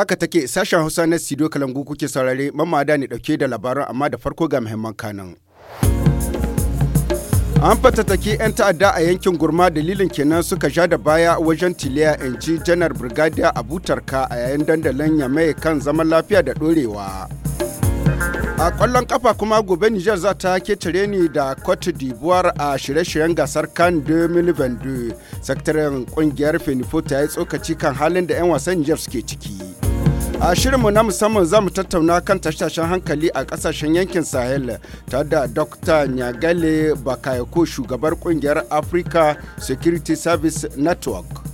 Haka take sashen Hausa na Studio Kalangu kuke saurare mamada ne dauke da labaran amma da farko ga muhimman kanan. An fatattaki 'yan ta'adda a yankin gurma dalilin kenan suka ja da baya wajen tiliya in ji janar brigadier abutarka a yayin dandalin yamai kan zaman lafiya da dorewa. A kwallon kafa kuma gobe Nijar za ta ketare ni da Cote d'Ivoire a shirye-shiryen gasar kan 2022. Sakataren kungiyar Fenifo ta yi tsokaci kan halin da 'yan wasan Nijar suke ciki. A shirinmu na musamman za mu tattauna kan tashashen hankali a kasashen yankin Sahel tare da Dr. Nyagale Bakayoko shugabar kungiyar Africa Security Service Network.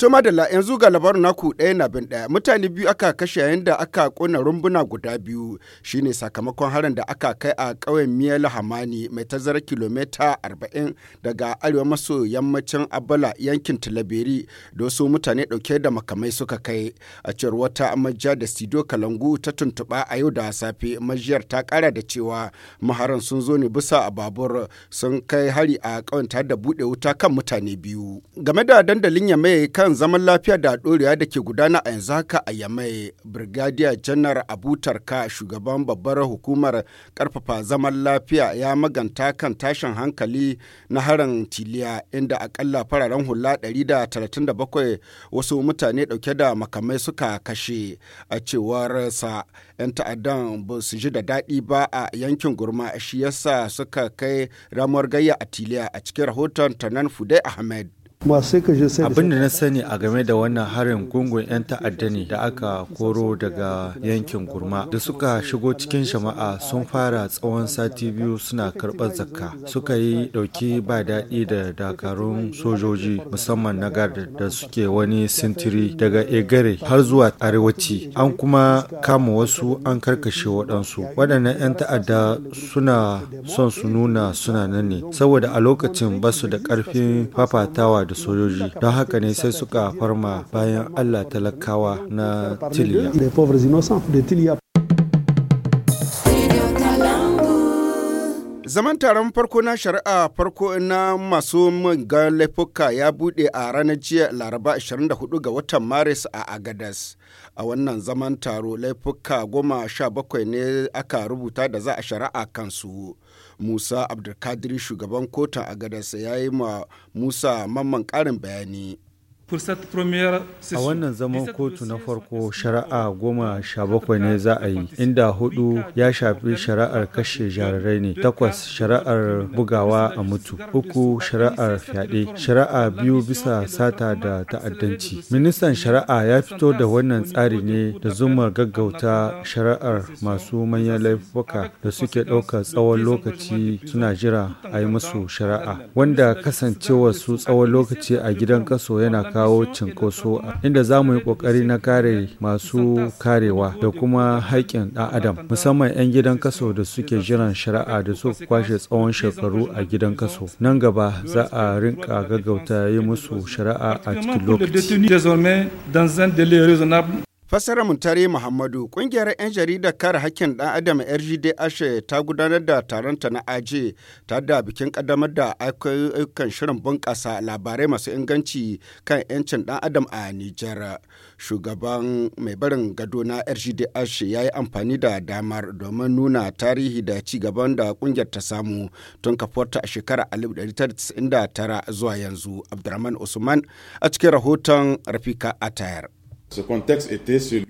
To madalla yanzu ga labarin naku ɗaya na bin ɗaya mutane biyu aka kashe yayin da aka ƙona rumbuna guda biyu shine sakamakon harin da aka kai a ƙauyen Miyala Hamani mai tazarar kilomita arba'in, daga arewa maso yammacin Abala yankin Tilaberi da wasu mutane ɗauke da makamai suka kai a cewar wata majiya da Sido Kalangu ta tuntuɓa a yau da safe majiyar ta ƙara da cewa maharan sun zo ne bisa a babur sun kai hari a ƙauyen da buɗe wuta kan mutane biyu. Game da dandalin Yamai kan kan zaman lafiya da ɗorewa da ke gudana a yanzu haka a Yamai, Brigadier Janar abutarka shugaban babbar hukumar karfafa zaman lafiya ya maganta kan tashin hankali na harin Tiliya inda akalla fararen hula 137 wasu mutane ɗauke da makamai suka kashe a cewar sa 'yan ta'addan ba su ji da daɗi ba a yankin gurma shi yasa suka kai ramuwar gayya a Tiliya a cikin rahoton Tanan Fude Ahmed. abin da na sani a game da wannan harin gungun 'yan ta'adda ne da aka koro daga yankin gurma da suka shigo cikin shama'a sun fara tsawon sati biyu suna karɓar zakka suka yi ɗauki ba daɗi da dakarun sojoji musamman na garda da suke wani sintiri daga egare har zuwa arewaci an kuma kama wasu an karkashe waɗansu waɗannan 'yan ta'adda suna son su nuna suna nan ne saboda a lokacin basu da ƙarfin fafatawa da sojoji don haka ne sai suka farma bayan allah talakawa na tiliya zaman taron farko na shari'a farko na masu mangan laifuka ya bude a ranar jiya laraba 24 ga watan maris a agadas a wannan zaman taro laifuka goma sha bakwai ne aka rubuta da za a shari'a kansu Musa Abdulkadir shugaban kotun a gadarsa ya yi ma Musa mamman ƙarin bayani. A wannan zaman kotu na farko shari'a goma sha bakwai ne za a yi, inda hudu ya shafi shari'ar kashe jarirai ne, takwas shari'ar bugawa a mutu, uku shari'ar fyaɗe, shari'a biyu bisa sata da ta'addanci. Ministan shari'a ya fito da wannan tsari ne da zumar gaggauta shari'ar masu manyan laifuka da suke ɗaukar tsawon lokaci suna jira a yi musu shari'a, wanda kasancewar su tsawon lokaci a gidan kaso yana kawo cinkoso inda za mu yi ƙoƙari na kare masu karewa da kuma haƙƙin ɗan adam musamman 'yan gidan kaso da suke jiran shari'a da su kwashe tsawon shekaru a gidan kaso nan gaba za a rinka gaggauta yi musu shari'a a cikin lokaci Fassara Muntare Muhammadu ƙungiyar 'yan jaridar kare hakkin ɗan adam RGD Ashe ta gudanar da taronta na aje ta da bikin ƙaddamar da ayyukan shirin bunƙasa labarai masu inganci kan 'yancin ɗan adam a Nijar. Shugaban mai barin gado na RGD Ashe ya yi amfani da damar domin nuna tarihi da ci gaban da ƙungiyar ta samu tun kafuwarta a shekarar tara zuwa yanzu. Abdurrahman Usman a cikin rahoton Rafika Atayar.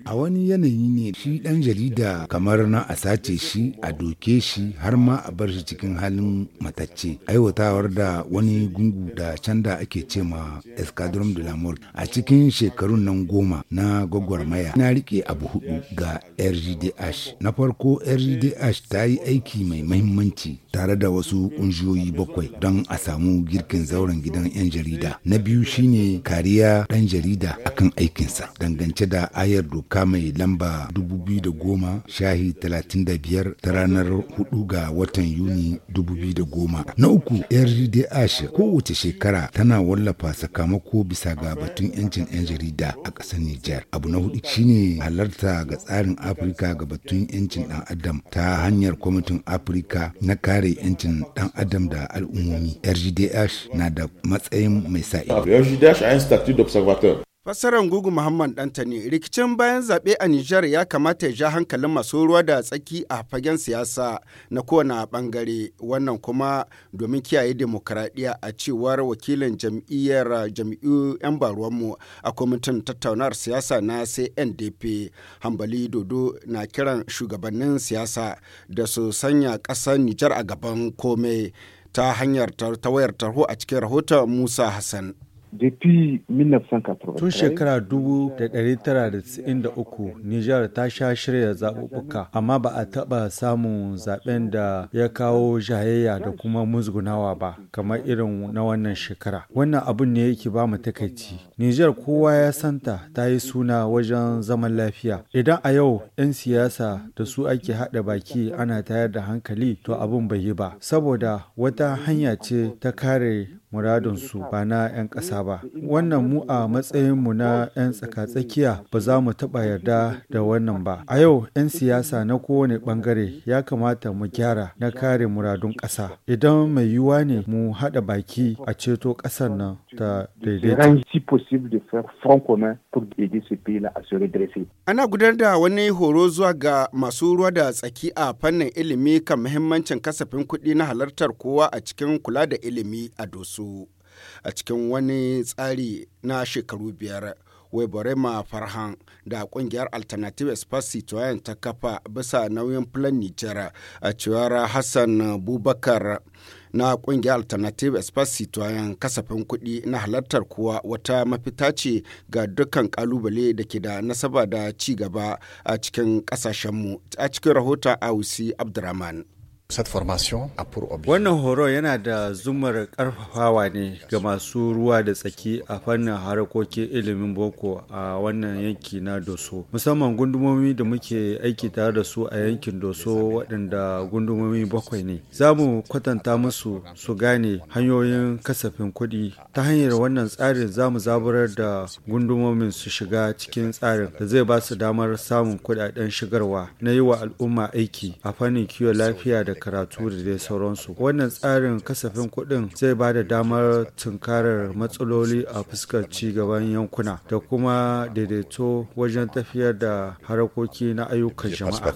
A wani yanayi ne shi ɗan jarida kamar na a sace shi a doke shi har ma a bar shi cikin halin matacce. Aiwatawar da wani gungu da canda ake ce ma Escadron de la Mort a cikin shekarun nan goma na gwagwarmaya na rike abu hudu ga RGDH. Na farko RGDH ta yi aiki mai mahimmanci tare da wasu ƙungiyoyi bakwai don a samu girkin zauren gidan 'yan jarida. Na biyu shine kariya ɗan jarida akan aikinsa. dangance da ayar doka mai lamba 2010 shahi 35 ta ranar 4 ga watan Yuni 2010. Na uku ashe kowace shekara tana wallafa sakamako bisa ga batun 'yancin 'yan jarida a ƙasar Nijar. Abu na hudu shine halarta ga tsarin Afirka ga batun 'yancin dan adam ta hanyar kwamitin Afirka na kare 'yancin dan adam da al'ummomi. RGDH na da matsayin mai sa'i. RGDH a un statut d'observateur. Fassarar Gugu Muhammad Dantani rikicin bayan zaɓe a Nijar ya kamata ya ja hankalin masu ruwa da tsaki a fagen siyasa na kowane ɓangare wannan kuma domin kiyaye demokaradiyya a cewar wakilin jam'iyyar jam'iyyu 'yan baruwanmu a kwamitin tattaunar siyasa na CNDP Hambali Dodo na kiran shugabannin siyasa da su sanya ƙasar Nijar a gaban komai ta hanyar ta tarho a cikin rahoton Musa Hassan. Depuis 1980. Tun shekara 1993 Nijar ta sha shirya zaɓuɓɓuka, amma ba a taɓa samun zaɓen da ya kawo jayayya da kuma musgunawa ba, kamar irin na wannan shekara. Wannan abun ne yake ba mu takaici. Nijar kowa ya santa ta yi suna wajen zaman lafiya. Idan a yau 'yan siyasa da su ake haɗa baki ana tayar da hankali to abun bai yi ba, saboda wata hanya ce ta kare muradunsu ba na 'yan ƙasa ba. Wannan mu a matsayinmu na 'yan tsakatsakiya ba za mu taɓa yarda da wannan ba. A yau 'yan siyasa na kowane ɓangare ya kamata mu gyara na kare muradun ƙasa. Idan mai yiwuwa ne mu haɗa baki a ceto ƙasar nan ta daidaita. Ana gudanar da wani horo zuwa ga masu ruwa da tsaki a fannin ilimi kan muhimmancin kasafin kuɗi na halartar kowa a cikin kula da ilimi a dosu su a cikin wani tsari na shekaru biyar. Weborema Farhan da kungiyar Alternative Espace Citoyen ta kafa bisa nauyin Plan Niger a cewar Hassan Bubakar na kungiyar Alternative Espace Citoyen kasafin kuɗi na halartar kuwa wata mafita ce ga dukkan kalubale da ke da nasaba da ci gaba a cikin ƙasashenmu a cikin rahoton Ausi Abdurrahman. Wannan horo yana da zumar karfafawa ne ga masu ruwa da tsaki a fannin harkokin ilimin boko a wannan yanki na Doso. Musamman gundumomi da muke aiki tare da su a yankin Doso waɗanda gundumomi bakwai ne. Za mu kwatanta musu su gane hanyoyin kasafin kuɗi. Ta hanyar wannan tsarin za mu zaburar da gundumomin su shiga cikin tsarin da zai ba su damar samun kuɗaɗen shigarwa na yi wa al'umma aiki a fannin kiwon lafiya da karatu da dai sauransu wannan tsarin kasafin kuɗin zai ba da damar tunkarar matsaloli a fuskar ci gaban yankuna da kuma daidaito wajen tafiyar da harakoki na ayyukan jama'a.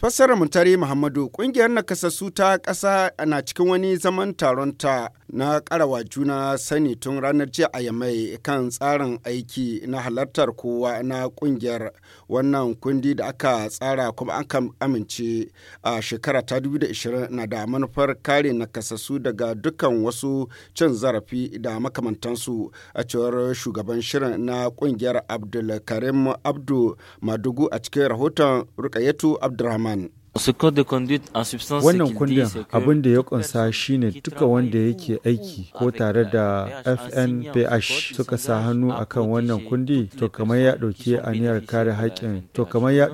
Fassarar Muntari Muhammadu ƙungiyar nakasassu ta ƙasa na cikin wani zaman taronta ta na karawa juna sani tun ranar jiya a yamai kan tsarin aiki na halartar kowa na ƙungiyar wannan kundi da aka tsara kuma aka amince a shekara ta 2020 na da manufar kare nakasassu daga dukkan wasu cin zarafi da makamantansu a cewar shugaban shirin na ƙungiyar abdulkarim abdu madugu a cikin rahoton rukayatu abdulrahman man Wannan kundin abin da ya kunsa shine duka wanda yake aiki ko tare da FNPH suka sa hannu akan wannan kundi to kamar ya ɗauki aniyar kare haƙƙin to kamar ya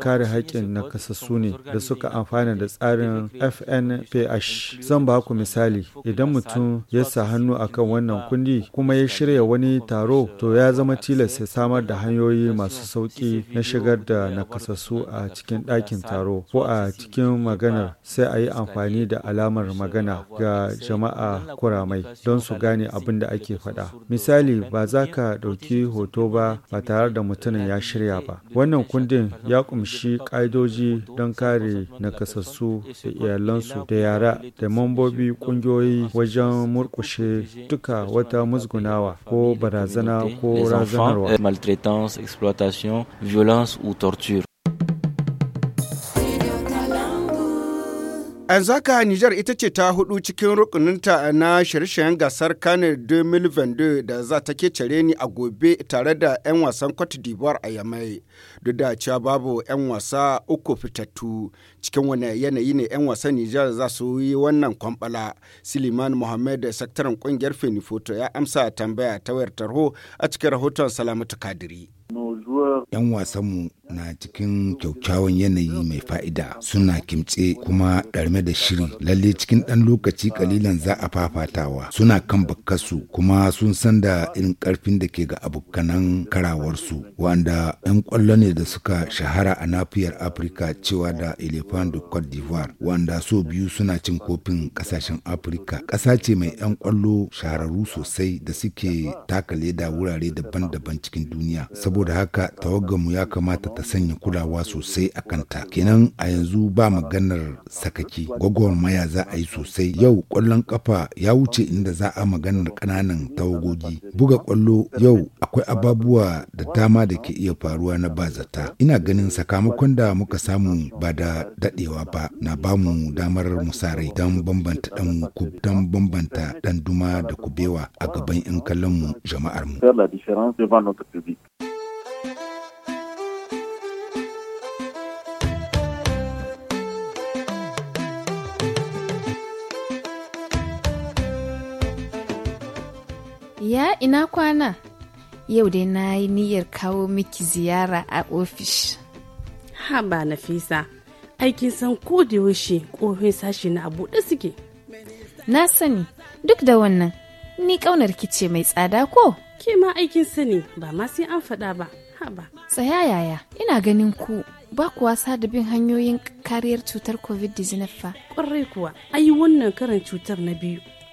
kare haƙƙin na kasassu ne da suka amfana da tsarin FNPH. Zan ba ku misali idan mutum ya sa hannu akan wannan kundi kuma ya shirya wani taro to ya zama tilas ya samar da hanyoyi masu sauki na shigar da nakasassu a cikin ɗakin taro. ko a cikin maganar sai a yi amfani da alamar magana ga jama'a kuramai don su gane abin da ake faɗa. Misali ba za ka ɗauki hoto ba ba tare da mutumin ya shirya ba. Wannan kundin ya ƙumshi ƙa'idoji don kare nakasassu da iyalansu da yara da mambobi ƙungiyoyi wajen murƙushe duka wata musgunawa ko barazana ko razanarwa. violence ou torture. An zaka Nijar ita ce ta hudu cikin rukuninta na shirye gasar Kanar 2022 da za ta kecere ni a gobe tare da 'yan wasan Cote d'Ivoire a Yamai. Duk da cewa babu 'yan wasa uku fitattu cikin wani yanayi ne 'yan wasan Nijar za su yi wannan kwambala. Siliman da sakataren kungiyar Fenifoto ya amsa tambaya ta wayar tarho a cikin rahoton Salamatu Kadiri. 'Yan wasanmu na cikin kyaukyawan yanayi mai fa'ida suna kimtse kuma ɗarme da shiri lalle cikin ɗan lokaci kalilan za a fafatawa suna kan bakkasu kuma sun san da irin ƙarfin da ke ga abokanan karawarsu wanda 'yan ƙwallo ne da suka shahara a nafiyar afirka cewa da elephant de cote d'ivoire wanda so biyu suna cin kofin ƙasashen afirka ƙasa ce mai 'yan ƙwallo shahararru sosai da suke taka leda wurare daban-daban cikin duniya saboda haka tawagarmu ya kamata ta sanya kulawa sosai a kanta kenan a yanzu ba maganar sakaki gwagwarmaya za a yi sosai yau kwallon kafa ya wuce inda za a maganar kananan tawagogi buga kwallo yau akwai ababuwa da dama da ke iya faruwa na bazata ina ganin sakamakon da muka samu ba da dadewa ba na bamu damar musarai don bambanta dan kub don bambanta dan duma da kubewa a gaban 'yan kallon mu jama'ar mu Ya ina kwana? Yau dai na yi niyyar kawo miki ziyara a ofish. Ha ba Nafisa, aikin san ko da yaushe ƙofin sashi na buɗe suke. Na sani, duk da wannan, ni ƙaunar kice mai tsada ko? Ke ma aikin sani ba ma sai an faɗa ba, ha ba. Tsaya yaya, ina ganin ku ba ku wasa da bin hanyoyin kariyar cutar COVID-19 fa. Ƙwarai kuwa, ayi wannan karin cutar na biyu.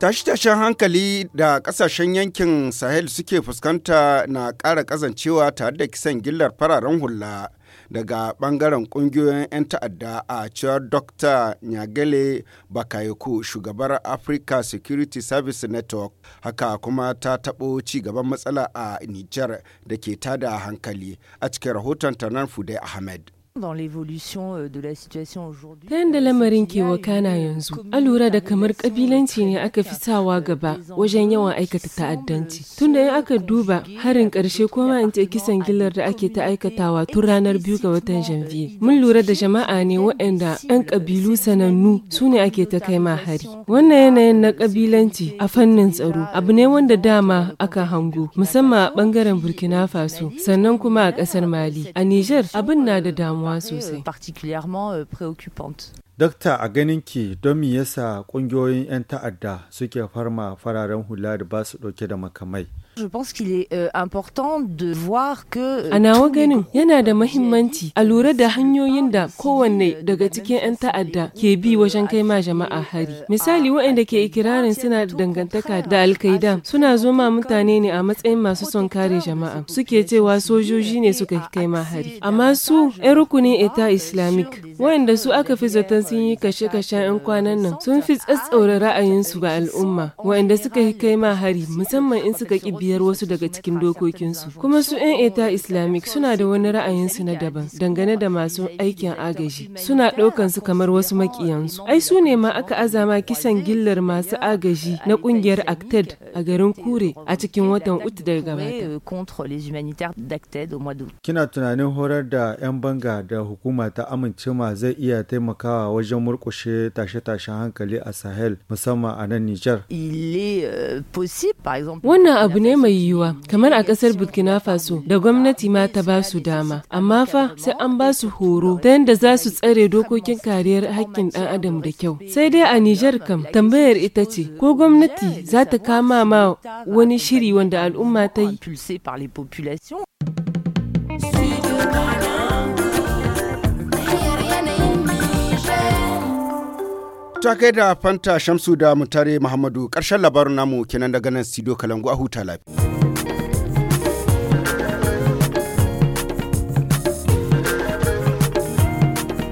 Tashi-tashen hankali da kasashen yankin Sahel suke fuskanta na ƙara ƙazancewa tare da kisan gillar fararen hula daga ɓangaren ƙungiyoyin 'yan ta'adda a cewar Dr. Nyagele Bakayoko shugabar Africa Security Service Network haka kuma ta taɓo ci gaban matsala a Nijar da ke tada hankali a cikin rahoton Tanar Fude Ahmed. Euh, ta da euh, lamarin ke wakana euh, yanzu, an lura da kamar ƙabilanci ne aka fi sawa gaba wajen yawan aikata ta'addanci. tunda da aka duba harin ƙarshe ko ma in ce kisan gilar da ake ta aikatawa tun ranar biyu ga watan janvier. Mun lura da jama'a ne waɗanda 'yan ƙabilu sanannu su ne ake ta kai ma hari. Wannan yanayin na kabilanci a fannin tsaro abu ne wanda dama aka hango musamman a ɓangaren Burkina Faso sannan kuma a ƙasar Mali. A Nijar abin na da damu. damuwa ce euh, particulièrement euh, préoccupante Dakta a ganin ki don me yasa kungiyoyin 'yan ta'adda suke farma fararen hula da ba su dauke da makamai je pense qu'il est euh, important de voir que. Euh, ganin yana da mahimmanci a lura da hanyoyin da kowanne euh, daga cikin 'yan ta'adda ke bi euh, wajen kai ma jama'a hari. Misali waɗanda ke ikirarin suna da dangantaka da alkaida suna zoma mutane ne a matsayin masu son kare jama'a suke cewa sojoji ne suka kai ma hari. Amma su 'yan rukunin ita Islamic waɗanda su aka fi zaton sun yi kashe-kashen 'yan kwanan nan sun fi tsatsaura ra'ayinsu ga al'umma waɗanda suka kai ma hari musamman in suka ƙi biyar wasu daga cikin dokokinsu kuma su yan eta islamic suna da wani ra'ayinsu na daban dangane da masu aikin agaji suna ɗaukan su kamar wasu makiyansu ai su ne ma aka azama kisan gillar masu agaji na kungiyar acted a garin kure a cikin watan uku da gabata kina tunanin horar da yan banga da hukuma ta amince ma zai iya taimakawa wajen murkushe tashe-tashen hankali a sahel musamman a nan nijar euh, wannan abu ne ne mai yiwuwa kamar a ƙasar burkina faso da gwamnati ma ta ba su dama amma fa sai an ba su horo ta yadda za su tsare dokokin kariyar hakkin ɗan adam da kyau sai dai a nijar kam tambayar ita ce ko gwamnati za ta kama ma wani shiri wanda al'umma ta yi Ta kai da Fanta Shamsu da Mutare Muhammadu ƙarshen labarin namu kenan daga nan Sido Kalangu a huta lafiya.